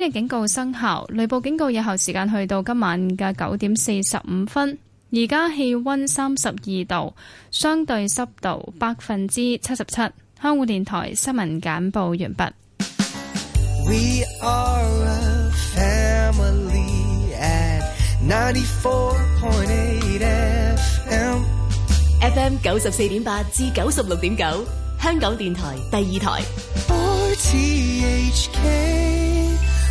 嘅警告生效，雷暴警告有效時間去到今晚嘅九點四十五分。而家氣溫三十二度，相對濕度百分之七十七。香港電台新聞簡報完畢。We are a family at 94.8 FM. FM 九十四點八至九十六點九，香港電台第二台。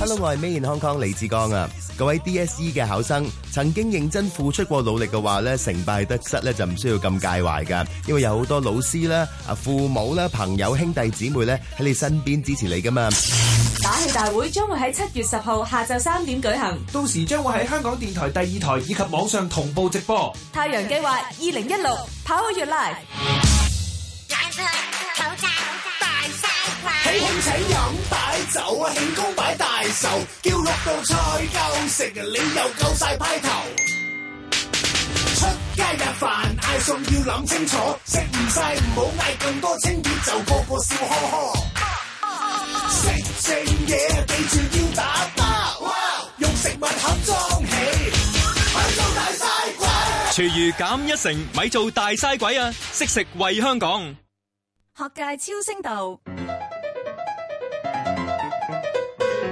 Hello，我係 May Yan 康康李志剛啊！各位 DSE 嘅考生，曾經認真付出過努力嘅話咧，成敗得失咧就唔需要咁介懷噶，因為有好多老師啦、啊父母啦、朋友、兄弟姊妹咧喺你身邊支持你噶嘛。打氣大會將會喺七月十號下晝三點舉行，到時將會喺香港電台第二台以及網上同步直播。太陽計劃二零一六跑出越嚟。飲擺酒啊，慶功擺大壽，叫六道菜夠食，你又夠曬派頭。出街日飯嗌餸要諗清楚，食唔晒唔好嗌咁多清碟，就個個笑呵呵。食剩嘢記住要打包，哇！用食物盒裝起，唔好大晒鬼。廚餘減一成，咪做大晒鬼啊！識食為香港，學界超聲道。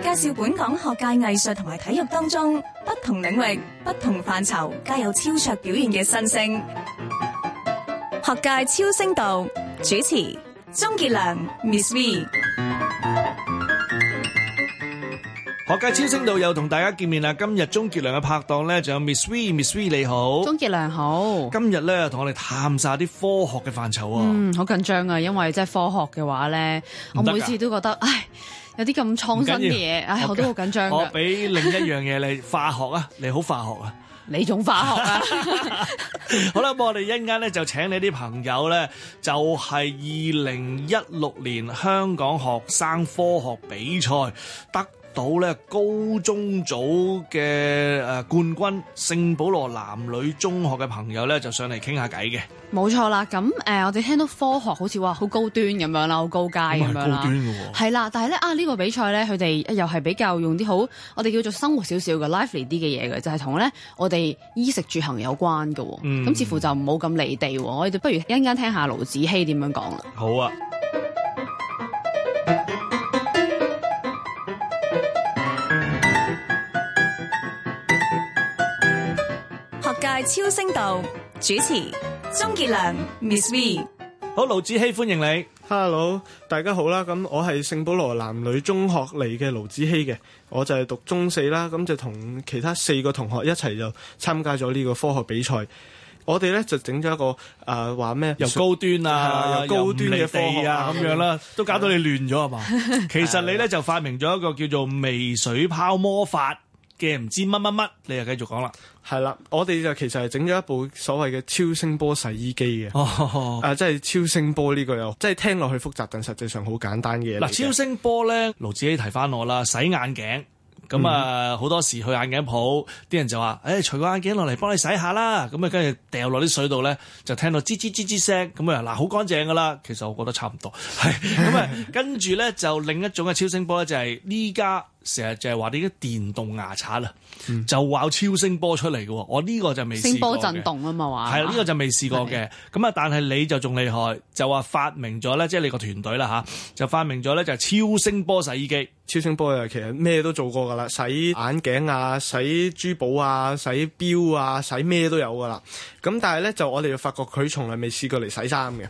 介紹本港學界藝術同埋體育當中不同領域、不同範疇皆有超卓表現嘅新星。學界超星道主持鍾杰良 Miss V，學界超星道又同大家見面啦！今日鐘杰良嘅拍檔咧，就有 Miss V。Miss V 你好，鍾杰良好。今日咧同我哋探晒啲科學嘅範疇啊！嗯，好緊張啊，因為即係科學嘅話咧，我每次都覺得唉。有啲咁創新嘅嘢，唉呦，我，我都好緊張。我俾另一樣嘢嚟你化學啊， 你好化學啊，你仲化學啊？好啦，咁我哋一陣間咧就請你啲朋友咧，就係二零一六年香港學生科學比賽得到咧高中組嘅，誒、呃、冠軍聖保羅男女中學嘅朋友咧就上嚟傾下偈嘅，冇錯啦。咁誒、呃，我哋聽到科學好似話，好高端咁樣啦，好高階咁樣啦，係啦。但係咧啊呢、這個比賽咧，佢哋又係比較用啲好我哋叫做生活少少嘅 lively 啲嘅嘢嘅，就係同咧我哋衣食住行有關嘅。咁、嗯、似乎就唔好咁離地。我哋不如一陣間聽下盧子僖點樣講啦。好啊。係超聲道，主持鍾傑良 Ms V。好，盧子僖歡迎你，Hello，大家好啦。咁我係聖保羅男女中學嚟嘅盧子僖嘅，我就係讀中四啦。咁就同其他四個同學一齊就參加咗呢個科學比賽。我哋咧就整咗一個誒，話、呃、咩，由高端啊，高端嘅科學啊咁、啊、樣啦， 都搞到你亂咗啊嘛。 其實你咧就發明咗一個叫做微水泡魔法。嘅唔知乜乜乜，你又繼續講啦，係啦，我哋就其實係整咗一部所謂嘅超聲波洗衣機嘅，誒、哦啊，即係超聲波呢、呢個又即係聽落去複雜，但實際上好簡單嘅嘢。嗱，超聲波咧，盧子僖提翻我啦，洗眼鏡咁啊，好、嗯、多時去眼鏡鋪，啲人就話，誒、欸，除個眼鏡落嚟幫你洗下啦，咁啊，跟住掉落啲水度咧，就聽到吱吱吱吱聲，咁啊，嗱，好乾淨噶啦，其實我覺得差唔多，係咁啊， 跟住咧就另一種嘅超聲波咧就係呢家。成日就係話呢啲電動牙刷啦、啊，嗯、就話超聲波出嚟嘅喎，我呢個就未試過。聲波震動啊嘛，話係啦，呢、呢個就未試過嘅。咁啊的，但係你就仲厲害，就話發明咗咧，即、就、係、是、你個團隊啦嚇、啊，就發明咗咧就超聲波洗衣機。超聲波其實咩都做過㗎啦，洗眼鏡啊，洗珠寶啊，洗錶啊，洗咩都有㗎啦。咁但係咧就我哋就發覺佢從來未試過嚟洗衫嘅。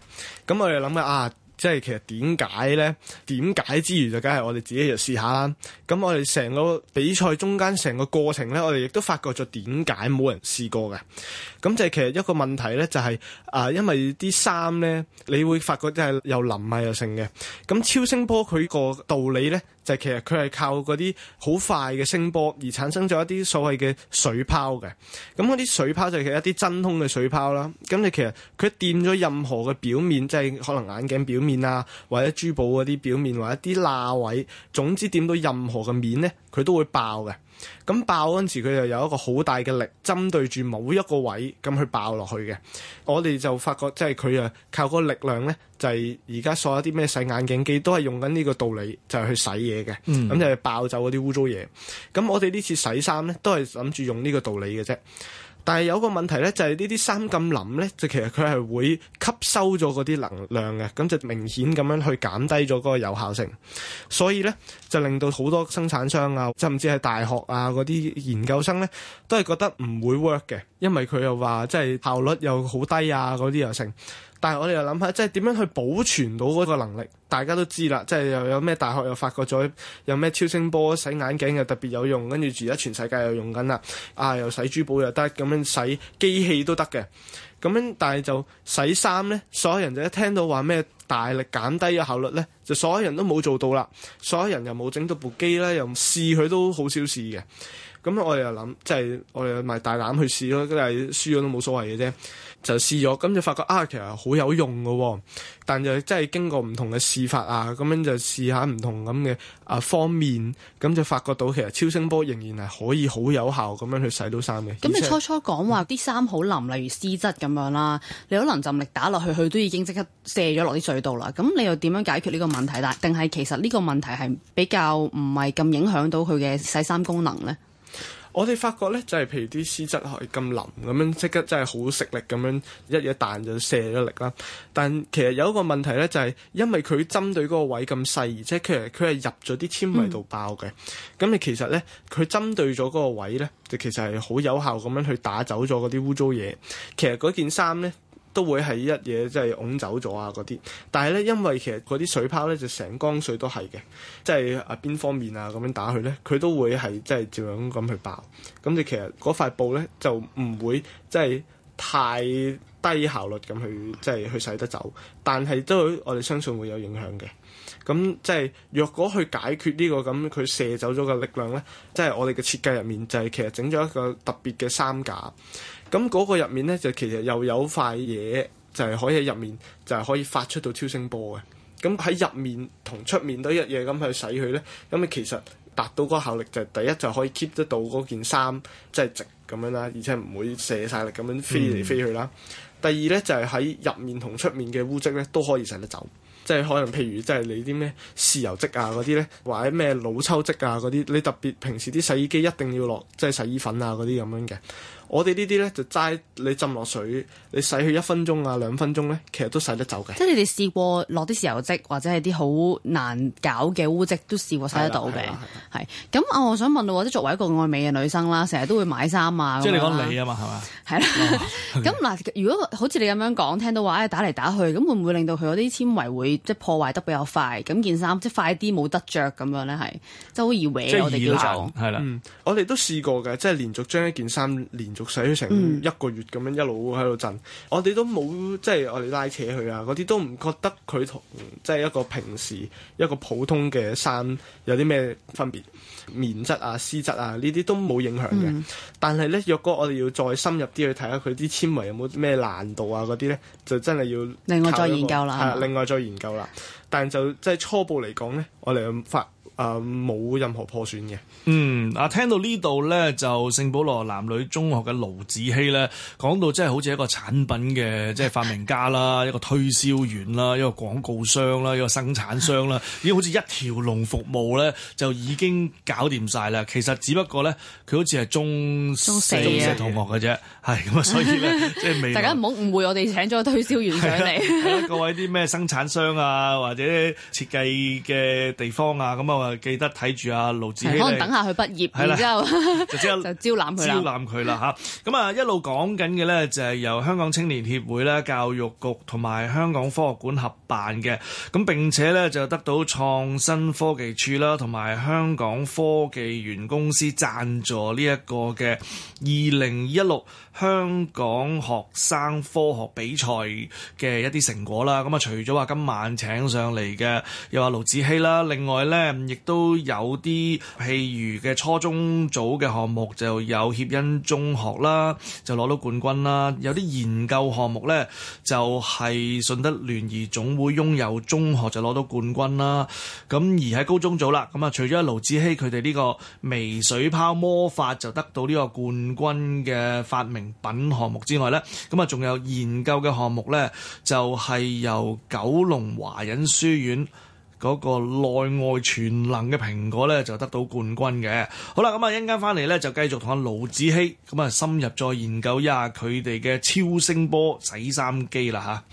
咁我哋諗嘅啊～即係其實點解咧？點解之餘就梗係我哋自己就試下啦。咁我哋成個比賽中間成個過程咧，我哋亦都發覺咗點解冇人試過嘅。咁就係其實一個問題咧，就係、是、啊、呃，因為啲衫咧，你會發覺即係又淋啊又剩嘅。咁超聲波佢個道理咧，就係其實佢係靠嗰啲好快嘅聲波而產生咗一啲所謂嘅水泡嘅，咁嗰啲水泡就係一啲真空嘅水泡啦。咁你其實佢掂咗任何嘅表面，即係可能眼鏡表面啊，或者珠寶嗰啲表面，或者啲罅位，總之掂到任何嘅面咧，佢都會爆嘅。咁爆嗰陣時，佢就有一個好大嘅力，針對住某一個位咁去爆落去嘅。我哋就發覺，即係佢啊靠個力量咧，就係而家所有啲咩洗眼鏡機都係用緊呢個道理，就係、是、去洗嘢嘅。咁、嗯、就係爆走嗰啲污糟嘢。咁我哋呢次洗衫咧，都係諗住用呢個道理嘅啫。但係有個問題咧，就係呢啲衫咁諗咧，就其實佢係會吸收咗嗰啲能量嘅，咁就明顯咁樣去減低咗嗰個有效性。所以咧，就令到好多生產商啊，甚至係大學啊。嗰啲研究生咧，都係覺得唔會 work 嘅，因為佢又話即係效率又好低啊，嗰啲又成。但係我哋又諗下，即係點樣去保存到嗰個能力？大家都知啦，即係又有咩大學又發覺咗有咩超聲波洗眼鏡又特別有用，跟住而家全世界又用緊啦。啊，又洗珠寶又得，咁樣洗機器都得嘅。咁樣，但係就洗衫咧，所有人就一聽到話咩？大力減低嘅效率咧，就所有人都冇做到啦，所有人又冇整到部機咧，又唔試佢都好少試嘅。咁我哋又諗，即係我哋咪大膽去試咯。咁係輸咗都冇所謂嘅啫，就試咗咁就發覺啊，其實好有用噶喎。但就真係經過唔同嘅試法啊，咁樣就試下唔同咁嘅啊方面，咁就發覺到其實超聲波仍然係可以好有效咁樣去洗到衫嘅。咁你初初講話啲衫好腍，例如絲質咁樣啦，你可能陣力打落去，佢都已經即刻卸咗落啲水度啦。咁你又點樣解決呢個問題？但定係其實呢個問題係比較唔係咁影響到佢嘅洗衫功能咧？我哋發覺咧，就係、是、譬如啲絲質可以咁腍咁樣，即刻真係好食力咁樣一嘢彈就卸咗力啦。但其實有一個問題咧，就係、是、因為佢針對嗰個位咁細，而且佢係佢係入咗啲纖維度爆嘅。咁你、嗯、其實咧，佢針對咗嗰個位咧，就其實係好有效咁樣去打走咗嗰啲污糟嘢。其實嗰件衫咧，都會係一嘢即係拱走咗啊嗰啲，但係咧因為其實嗰啲水泡咧就成缸水都係嘅，即係啊邊方面啊咁樣打佢咧，佢都會係即係照樣咁去爆，咁你其實嗰塊布咧就唔會即係太。低效率咁去即係去洗得走，但係都我哋相信會有影響嘅。咁即係若果去解決呢、這個咁佢射走咗嘅力量呢，即係我哋嘅設計入面就係其實整咗一個特別嘅衫架。咁嗰個入面呢，就其實又有塊嘢就係、是、可以入面就係、是、可以發出到超聲波嘅。咁喺入面同出面都一樣咁去洗佢呢。咁啊其實達到嗰個效力就係第一就可以 keep 得到嗰件衫即係直咁樣啦，而且唔會射晒力咁樣飛嚟飛去啦。嗯。第二呢，就係、是、喺入面同出面嘅污漬呢都可以洗得走，即係可能譬如即係你啲咩豉油漬啊嗰啲呢，或者咩老抽漬啊嗰啲，你特別平時啲洗衣機一定要落即係洗衣粉啊嗰啲咁樣嘅。我哋呢啲咧就齋你浸落水，你洗佢一分鐘啊兩分鐘咧，其實都洗得走嘅。即係你哋試過落啲豉油漬或者係啲好難搞嘅污漬，都試過洗得到嘅。係，咁啊，我想問到，或者作為一個愛美嘅女生啦，成日都會買衫啊。即係你講你啊嘛，係嘛？係啦。咁嗱，如果好似你咁樣講，聽到話咧打嚟打去，咁會唔會令到佢嗰啲纖維會即係破壞得比較快？咁件衫即係快啲冇得着咁樣咧，係即係好易搲我哋叫做。即係啦。我哋、嗯嗯、都試過嘅，即係連續將一件衫連。續試咗成一個月咁樣、嗯、一路喺度震，我哋都冇即係我哋拉扯佢啊，嗰啲都唔覺得佢同即係一個平時一個普通嘅衫有啲咩分別，棉質啊、絲質啊、嗯、呢啲都冇影響嘅。但係咧，若果我哋要再深入啲去睇下佢啲纖維有冇咩難度啊嗰啲咧，就真係要另外再研究啦。嗎另外再研究啦。但就即係初步嚟講咧，我哋又啊，冇任何破損嘅。嗯，啊，聽到呢度咧，就聖保羅男女中學嘅盧子僖咧，講到即係好似一個產品嘅即係發明家啦， 一個推銷員啦，一個廣告商啦，一個生產商啦， 已經好似一條龍服務咧，就已經搞掂晒啦。其實只不過咧，佢好似係中中四嘅四、啊、同學嘅啫，係咁啊，所以咧， 即係未大家唔好誤會我哋請咗推銷員上嚟， 各位啲咩生產商，商啊，或者設計嘅地方啊，咁啊。記得睇住阿盧子僖，可能等下佢畢業，之的後 就招攬佢啦。咁 啊，一路講緊嘅呢，就係由香港青年協會咧、教育局同埋香港科學館合辦嘅，咁並且呢，就得到創新科技署啦同埋香港科技園公司贊助呢一個嘅二零一六，香港學生科學比賽嘅一啲成果啦，咁啊除咗話今晚請上嚟嘅，又話盧子僖啦，另外咧亦都有啲，譬如嘅初中組嘅項目就有協恩中學啦，就攞到冠軍啦。有啲研究項目咧，就係、是、順德聯誼總會擁有中學就攞到冠軍啦。咁而喺高中組啦，咁啊除咗盧子僖佢哋呢個微水泡魔法就得到呢個冠軍嘅發明。品項目之外呢，咁啊仲有研究嘅項目呢，就係由九龍華仁書院嗰個內外全能嘅蘋果呢，就得到冠軍嘅。好啦，咁啊一陣間翻嚟呢，就繼續同阿盧子僖咁啊深入再研究一下佢哋嘅超聲波洗衫機啦吓。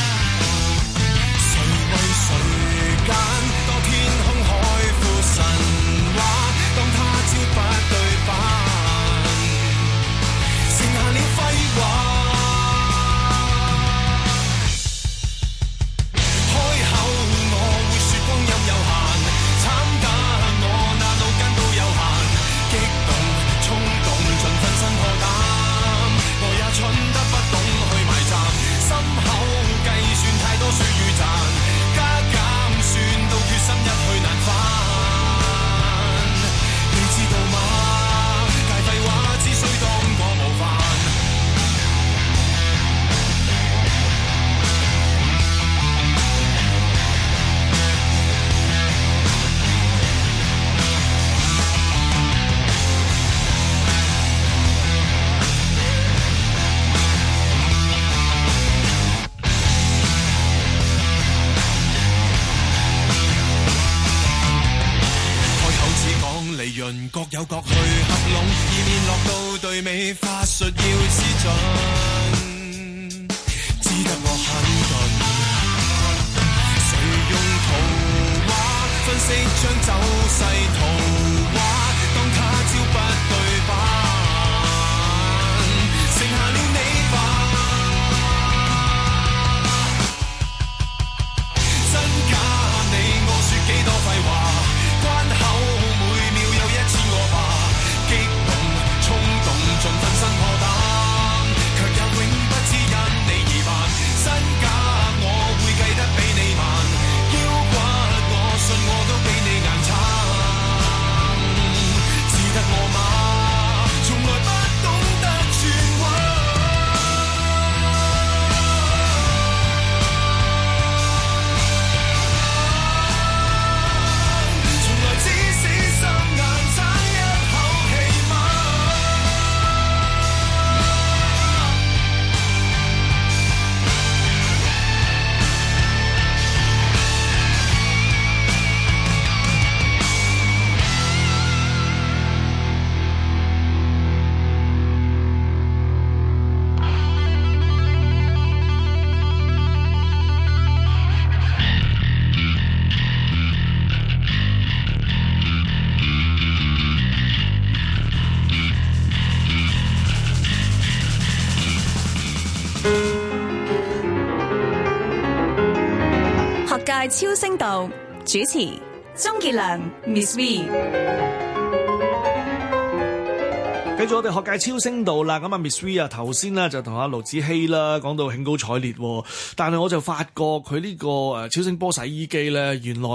超聲道，主持鍾傑良 Miss V。睇咗我哋學界超聲度啦，咁啊 Ms V 啊，頭先啦就同阿盧子僖啦講到興高采烈，但係我就發覺佢呢個誒超聲波洗衣機咧，原來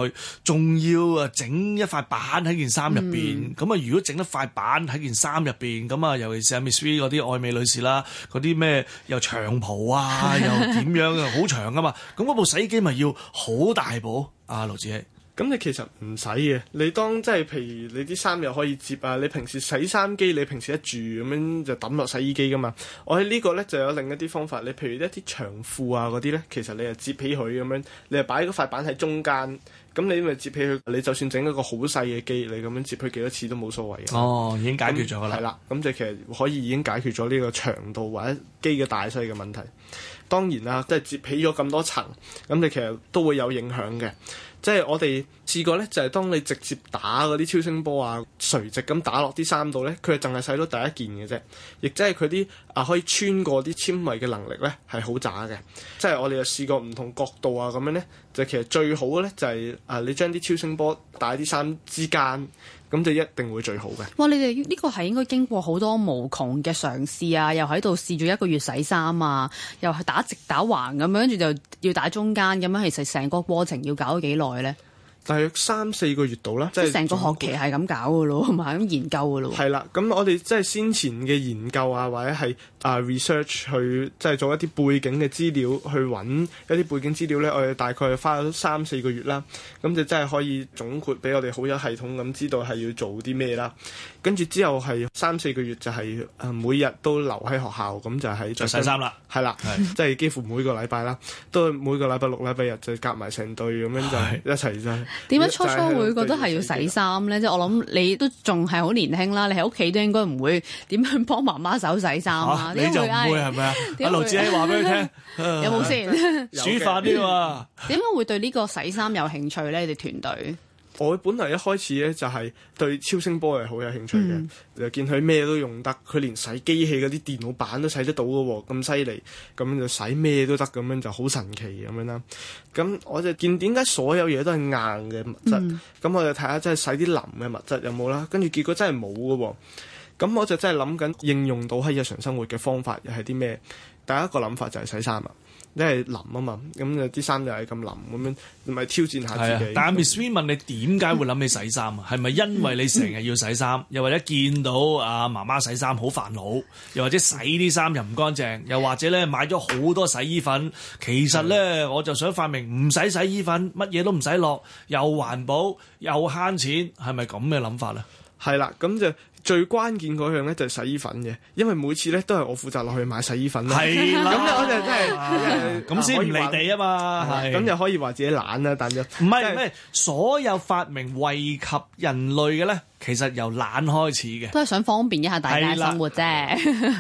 仲要誒整一塊板喺件衫入邊，咁啊、嗯、如果整一塊板喺件衫入邊，咁啊尤其是啊 Ms V 嗰啲愛美女士啦，嗰啲咩又長袍啊，又點樣啊，好 長噶嘛，咁嗰部洗衣機咪要好大部啊？盧子僖。咁你其實唔使嘅，你當即係譬如你啲衫又可以折啊。你平時洗衫機，你平時一住咁樣就抌落洗衣機噶嘛。我喺呢個呢就有另一啲方法，你譬如一啲長褲啊嗰啲呢，其實你啊折起佢咁樣，你啊擺喺嗰塊板喺中間，咁你咪折起佢。你就算整一個好細嘅機，你咁樣折起幾多次都冇所謂哦，已經解決咗啦。係啦，咁就其實可以已經解決咗呢個長度或者機嘅大細嘅問題。當然啦，即係折起咗咁多層，咁你其實都會有影響嘅。即係我哋試過呢，就係、是、當你直接打嗰啲超聲波啊，垂直咁打落啲衫度呢，佢係淨係洗到第一件嘅啫。亦即係佢啲啊可以穿過啲纖維嘅能力呢，係好渣嘅。即係我哋又試過唔同角度啊咁樣呢，就其實最好嘅呢，就係、是、啊你將啲超聲波打喺啲衫之間。咁就一定會最好嘅。哇！你哋呢個係應該經過好多無窮嘅嘗試啊，又喺度試咗一個月洗衫啊，又係打直打橫咁樣，跟住就要打中間咁樣。其實成個過程要搞咗幾耐咧？大約三四個月到啦，即係成個學期係咁搞嘅咯，同埋咁研究嘅咯。係啦，咁我哋即係先前嘅研究啊，或者係啊、uh, research 去即係做一啲背景嘅資料去揾一啲背景資料咧，我哋大概花咗三四個月啦，咁就真係可以總括俾我哋好有系統咁知道係要做啲咩啦。跟住之後係三四個月，就係誒每日都留喺學校，咁就着洗衫啦，係啦，即係幾乎每個禮拜啦，都每個禮拜六禮拜日就夾埋成隊咁樣就係一齊啫。點解初初會覺得係要洗衫咧？即係我諗你都仲係好年輕啦，你喺屋企都應該唔會點樣幫媽媽手洗衫啊？你就會係咪啊？阿盧子僖話俾佢聽，有冇先煮飯啲嘛？點解會對呢個洗衫有興趣咧？你哋團隊？我本嚟一開始咧就係對超聲波係好有興趣嘅，就、嗯、見佢咩都用得，佢連洗機器嗰啲電腦板都洗得到嘅喎，咁犀利，咁就洗咩都得，咁樣就好神奇咁樣啦。咁我就見點解所有嘢都係硬嘅物質，咁、嗯、我就睇下真係洗啲腍嘅物質有冇啦。跟住結果真係冇嘅喎，咁我就真係諗緊應用到喺日常生活嘅方法又係啲咩？第一個諗法就係洗衫啊！你係淋啊嘛，咁有啲衫就係咁淋咁樣，咪挑戰下自己。但係 Ms V 問你點解會諗起洗衫啊？係咪、嗯、因為你成日要洗衫，嗯嗯、又或者見到啊媽媽洗衫好煩惱，又或者洗啲衫又唔乾淨，又或者咧買咗好多洗衣粉，其實咧、嗯、我就想發明唔使洗衣粉，乜嘢都唔使落，又環保又慳錢，係咪咁嘅諗法咧？係啦，咁就。最關鍵嗰樣咧就係洗衣粉嘅，因為每次咧都係我負責落去買洗衣粉啦。係啦，咁咧我就真係咁先唔離地啊嘛。咁就可以話自己懶啦，但係唔係唔係，所有發明惠及人類嘅咧，其實由懶開始嘅。都係想方便一下大家生活啫。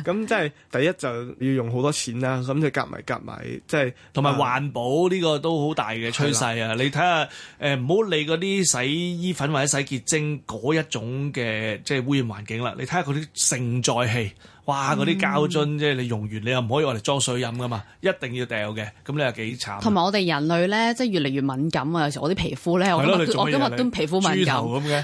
咁即係第一就要用好多錢啦，咁就夾埋夾埋，即係同埋環保呢個都好大嘅趨勢啊！你睇下誒，唔好理嗰啲洗衣粉或者洗潔精嗰一種嘅即係污環境啦，你睇下佢啲承載器。哇！嗰啲膠樽即係你用完，你又唔可以攞嚟裝水飲噶嘛，一定要掉嘅。咁你又幾慘？同埋我哋人類咧，即係越嚟越敏感啊。有時我啲皮膚咧，我今日都皮膚敏感，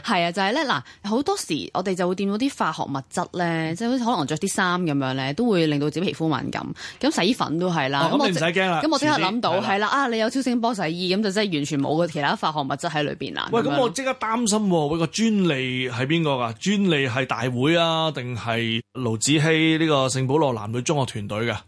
係啊，就係咧。嗱，好多時我哋就會掂到啲化學物質咧，即係可能着啲衫咁樣咧，都會令到自己皮膚敏感。咁洗衣粉都係啦，咁我唔使驚啦。咁我即刻諗到係啦，啊，你有超聲波洗衣咁就真係完全冇個其他化學物質喺裏邊啦。喂，咁我即刻擔心喎，個專利係邊個噶？專利係大會啊，定係？盧子僖呢個聖保羅男女中學團隊嘅，啊、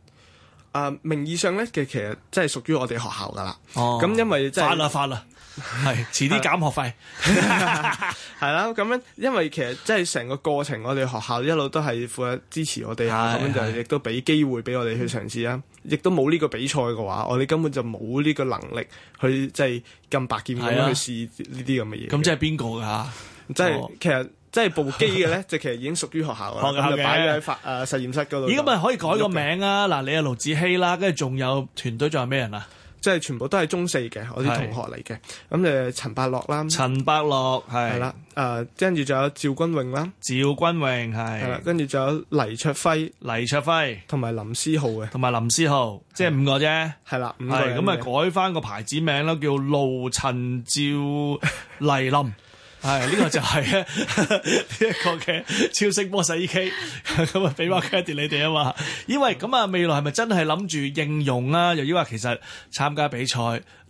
呃、名義上咧，佢其實即係屬於我哋學校噶啦。哦，咁因為即係發啦，發啦，係遲啲減學費，係 啦、 啊。咁樣、啊、因為其實即係成個過程，我哋學校一路都係負責支持我哋啊。咁樣唉唉 就亦都俾機會俾我哋去嘗試啊。亦都冇呢個比賽嘅話，我哋根本就冇呢個能力去即係咁白劍去試呢啲咁嘅嘢。咁即係邊個噶？即係、啊、其實。即係部機嘅咧，即係其實已經屬於學校啦，就擺咗喺實誒實驗室嗰度。咁咪可以改個名啊！嗱，你阿盧子希盧子僖啦，跟住仲有團隊仲有咩人啊？即係全部都係中四嘅我啲同學嚟嘅。咁就陳伯樂啦，陳伯樂係啦，誒，跟住仲有趙君榮啦，趙君榮係，跟住仲有黎卓輝，黎卓輝同埋林思浩嘅，同埋林思浩，即係五個啫，係啦，五個咁咪改翻個牌子名啦，叫盧陳趙黎林。係，呢、哎這個就係咧呢一個嘅超聲波洗衣機，咁啊俾翻 credit 你哋啊嘛。因為咁啊，未來係咪真係諗住應用啊？又抑或其實參加比賽？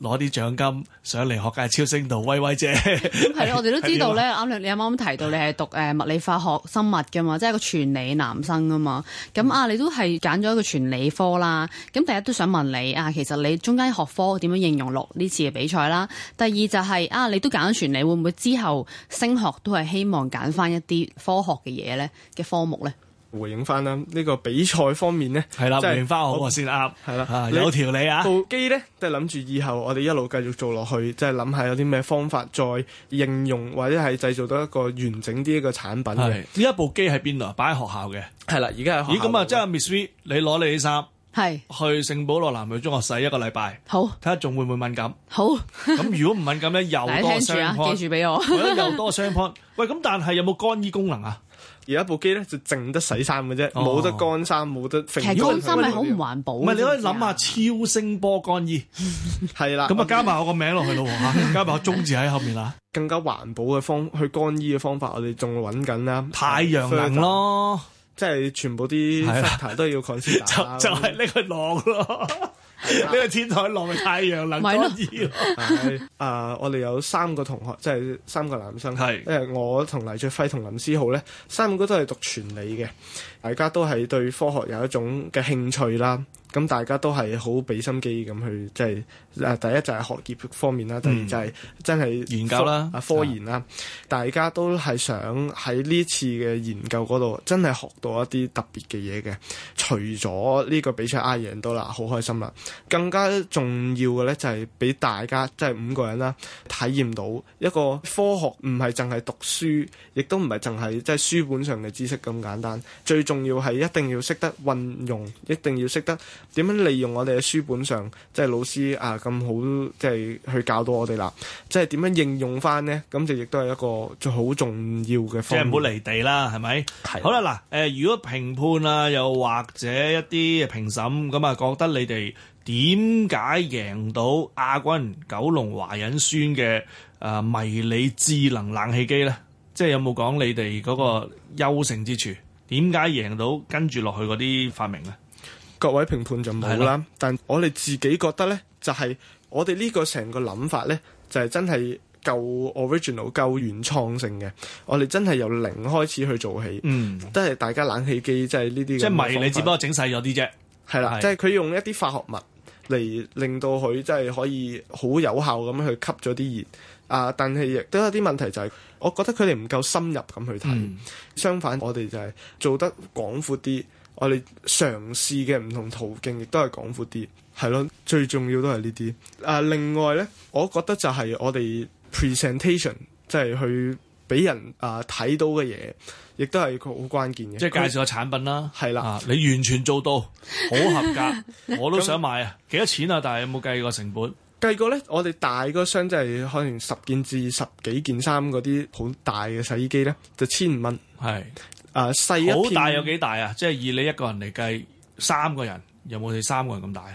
攞啲獎金上嚟學界超聲度威威啫。係 咯，我哋都知道咧。啱你啱啱提到你係讀誒物理化學生物噶嘛，即係個全理男生啊嘛。咁啊，你都係揀咗一個全理科啦。咁第一都想問你啊，其實你中間學科點樣應用落呢次嘅比賽啦？第二就係啊，你都揀咗全理，會唔會之後升學都係希望揀翻一啲科學嘅嘢咧嘅科目咧？回應翻啦，呢個比賽方面咧，係啦，回應翻我先啦，係啦，有條理啊！部機咧，即係諗住以後我哋一路繼續做落去，即係諗下有啲咩方法再應用，或者係製造多一個完整啲一個產品嘅。而家部機喺邊度啊？擺喺學校嘅。係啦，而家喺學校。咦咁啊，即係 Miss V，你攞你啲衫係去聖保羅男女中學洗一個禮拜，好睇下仲會唔會敏感。好，咁，如果唔敏感咧，又多雙 point。記住俾我，我得又多雙 point。喂，咁但係有冇乾衣功能啊？而一部機咧就淨得洗衫嘅啫，冇得、哦、乾衫，冇得。其實乾衫咪好唔環保。唔係，你可以諗下 超聲波乾衣，係啦。咁啊加埋我個名落去咯嚇，加埋我中字喺後面啦。 更加環保嘅方去乾衣嘅方法，我哋仲揾緊啦。太陽能咯，即係就全部啲新台都要曬。 就就係拎去晾咯。 呢 個天台落嘅太陽能，咪咯。啊，我哋有三個同學，即係三個男生，係即係我同黎俊輝同林思浩咧，三個都係讀全理嘅，大家都係對科學有一種嘅興趣啦。咁大家都係好俾心機咁去，即係誒第一就係學業方面啦，第二就係真係研究啦、啊科研啦，是的 大家都係想喺呢次嘅研究嗰度真係學到一啲特別嘅嘢嘅。除咗呢個比賽嗌、啊、贏到啦，好開心啦，更加重要嘅呢就係俾大家即係、就是、五個人啦體驗到一個科學唔係淨係讀書，亦都唔係淨係即係書本上嘅知識咁簡單。最重要係一定要識得運用，一定要識得。點樣利用我哋嘅書本上，即係老師啊咁好，即係去教到我哋啦。即係點樣應用翻呢？咁就亦都係一個好重要嘅方法。即係唔好離地啦，係咪？係。好啦，嗱，誒，如果評判啊，又或者一啲評審咁啊，覺得你哋點解贏到亞軍九龍華仁嘅誒迷你智能冷氣機呢？即係有冇講你哋嗰個優勝之處？點解贏到跟住落去嗰啲發明呢？各位評判就冇啦，的但我哋自己覺得呢，就係我哋呢個成個諗法呢，就係真係夠 original、夠原創性嘅。我哋真係由零開始去做起，嗯、都係大家冷氣機，即係呢啲。即係迷你只不過整細咗啲啫，係啦的。即係佢用一啲化學物嚟令到佢即係可以好有效咁去吸咗啲熱啊！但係亦都有啲問題，就係我覺得佢哋唔夠深入咁去睇。嗯、相反，我哋就係做得廣闊啲。我哋嘗試嘅唔同途徑，亦都係廣闊啲，係咯。最重要都係呢啲。誒、啊，另外咧，我覺得就係我哋 presentation，即係去俾人啊睇到嘅嘢，亦都係好關鍵嘅。即係介紹個產品啦，係啦、啊。你完全做到好合格， 我都想買啊！幾多錢啊？但係有冇計過成本？計過咧，我哋大個箱即係可能十件至十幾件衫嗰啲好大嘅洗衣機咧，就千五蚊。係。誒、細、啊、好大有幾大啊？即係以你一個人嚟計，三個人有冇你三個人咁大啊？誒、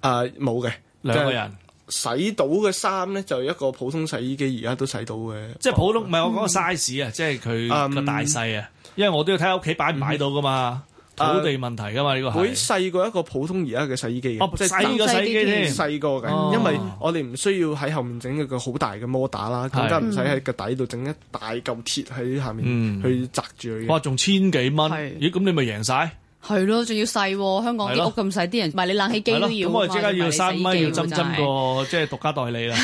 啊，冇嘅，兩個人。洗到嘅衫咧，就一個普通洗衣機而家都洗到嘅。即係普通，唔係、哦、我講個 size 啊，嗯、即係佢啱嘅大細啊。啊嗯、因為我都要睇下屋企擺唔擺到㗎嘛。嗯土地問題噶嘛呢、啊、個佢細過一個普通而家嘅洗衣機嘅，啊、即係細個洗衣機先細個嘅，啊、因為我哋唔需要喺後面整一個好大嘅摩打啦，啊、更加唔使喺個底度整一大嚿鐵喺下面去砸住。佢、嗯嗯。哇！仲千幾蚊？咦是，咁、啊、你咪贏晒？係咯，仲要細，香港啲屋咁細，啲人唔係你冷氣機都要翻嚟死機喎，即係獨家代理啦。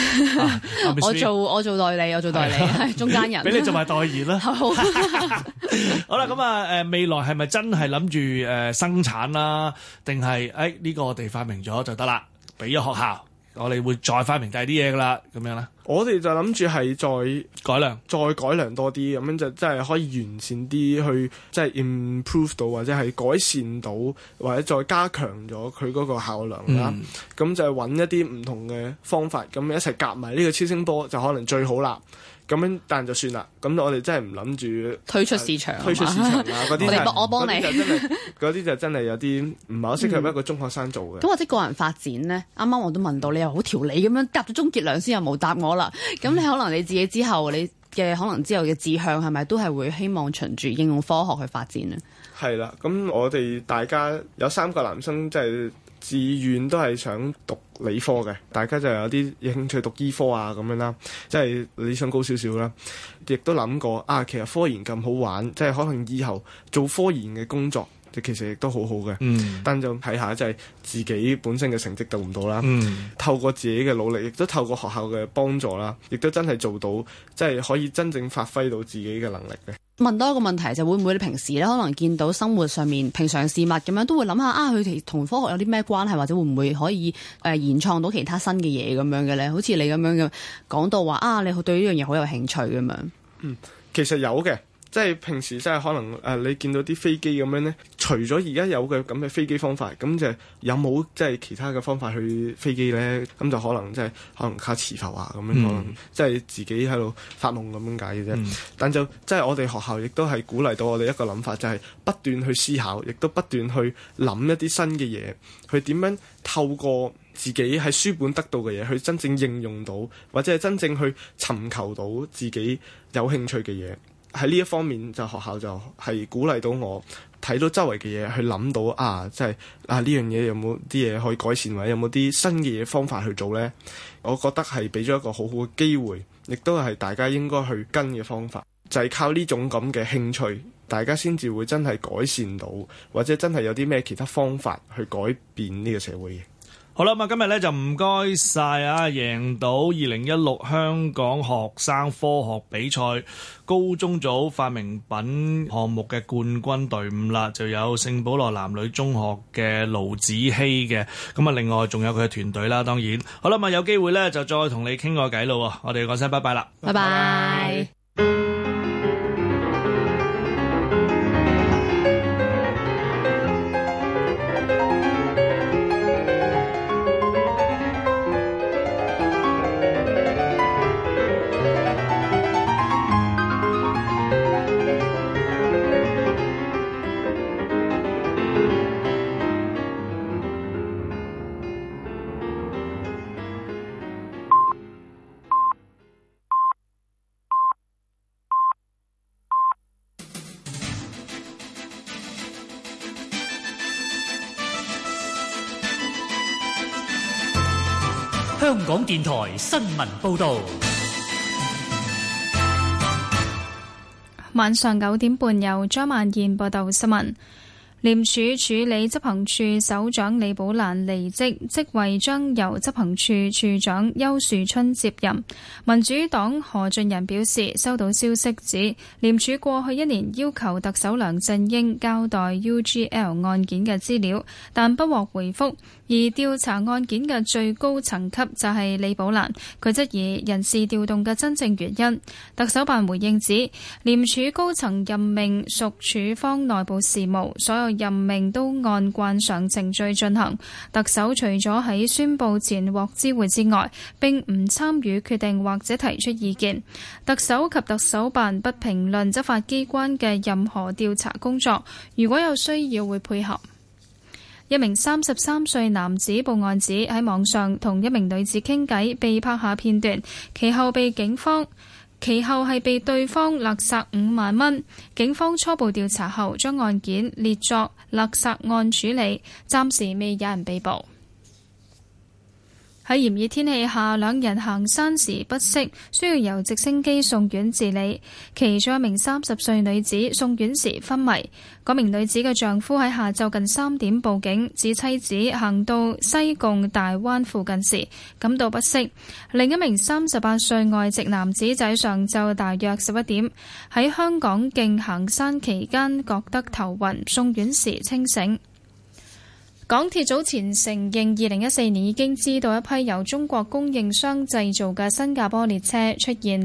我做我做代理，我做代理係中間人，俾你做埋代言啦。好啦，咁啊誒，未來係咪真係諗住誒生產啦？定係誒呢個我哋發明咗就得啦，俾咗學校。我哋會再發明第啲嘢噶啦，咁樣咧。我哋就諗住係再改良、再改良多啲，咁樣就真係可以完善啲，去即係 improve 到或者係改善到，或者再加強咗佢嗰個效能啦。咁、嗯、就揾一啲唔同嘅方法，咁一齊夾埋呢個超聲波，就可能最好啦。咁樣，但就算啦。咁我哋真係唔諗住退出市場，退出市場啊！嗰啲係嗰啲就真係嗰啲就真係有啲唔係好適合一個中學生做嘅。咁或者個人發展咧，啱啱我都問到你又好條理咁樣夾咗中結兩先，又冇答我啦。咁你可能你自己之後，你嘅可能之後嘅志向係咪都係會希望循住應用科學去發展呢？係啦，咁我哋大家有三個男生即係。自願都係想讀理科嘅，大家就有啲興趣讀醫科啊咁樣啦，即係理想高少少啦，亦都諗過啊，其實科研咁好玩，即係可能以後做科研嘅工作。其實亦都好好嘅，嗯、但就睇下即係自己本身嘅成績到唔到啦。嗯、透過自己嘅努力，亦都透過學校嘅幫助啦，亦都真係做到即係可以真正發揮到自己嘅能力嘅。問多一個問題就係、是、會唔會你平時咧可能見到生活上面平常事物咁樣都會諗下啊佢同科學有啲咩關係，或者會唔會可以誒延、呃、創到其他新嘅嘢咁樣嘅咧？好似你咁樣嘅講到話啊，你對呢樣嘢好有興趣咁樣。嗯，其實有嘅。即係平時，即係可能誒，你見到啲飛機咁樣呢，除咗而家有嘅咁嘅飛機方法，咁就有冇即係其他嘅方法去飛機呢？咁就可能即係可能靠磁浮啊，咁樣、嗯、可能即係自己喺度發夢咁樣解嘅啫。嗯、但就即係、就是、我哋學校亦都係鼓勵到我哋一個諗法，就係、是、不斷去思考，亦都不斷去諗一啲新嘅嘢，去點樣透過自己喺書本得到嘅嘢，去真正應用到，或者係真正去尋求到自己有興趣嘅嘢。喺呢一方面就學校就係鼓勵到我睇到周圍嘅嘢，去諗到啊，即係啊呢樣嘢有冇啲嘢可以改善，或者有冇啲新嘅嘢方法去做呢？我覺得係俾咗一個好好嘅機會，亦都係大家應該去跟嘅方法，就係靠呢種咁嘅興趣，大家先至會真係改善到，或者真係有啲咩其他方法去改變呢個社會嘅。好啦，咁今日咧，就唔該晒啊，贏到二零一六香港學生科學比賽高中組發明品項目嘅冠軍隊伍啦，就有聖保羅男女中學嘅盧子僖嘅，咁啊另外仲有佢嘅團隊啦，當然，好啦，咁啊有機會咧，就再同你傾個偈咯。我哋講聲拜拜啦，拜拜 bye。Bye bye 新聞報道。晚上九點半，由張曼燕報道新聞。廉署處理執行處首，首長李寶蘭離職，職位將由執行處處長邱樹春接任。民主黨何俊仁表示，收到消息指廉署過去一年要求特首梁振英交代 UGL 案件嘅資料，但不獲回覆。而調查案件嘅最高層級就係李寶蘭，佢質疑人事調動嘅真正原因。特首辦回應指，廉署高層任命屬署方內部事務，所有任命都按慣常程序進行。特首除咗喺宣佈前獲知會之外，並唔參與決定或者提出意見。特首及特首辦不評論執法機關嘅任何調查工作，如果有需要會配合。一名三十三歲男子報案指喺網上同一名女子傾偈，被拍下片段，其後被警方，其後係被對方勒索五萬蚊。警方初步調查後，將案件列作勒索案處理，暫時未有人被捕。喺炎熱天氣下，兩人行山時不適，需要由直升機送院治理。其中一名三十歲女子送院時昏迷，嗰名女子嘅丈夫喺下晝近三點報警，指妻子行到西貢大灣附近時感到不適。另一名三十八歲外籍男子就喺上晝大約十一點喺香港徑行山期間覺得頭暈，送院時清醒。港鐵早前承認二零一四年已經知道一批由中國供應商製造嘅新加坡列車出現。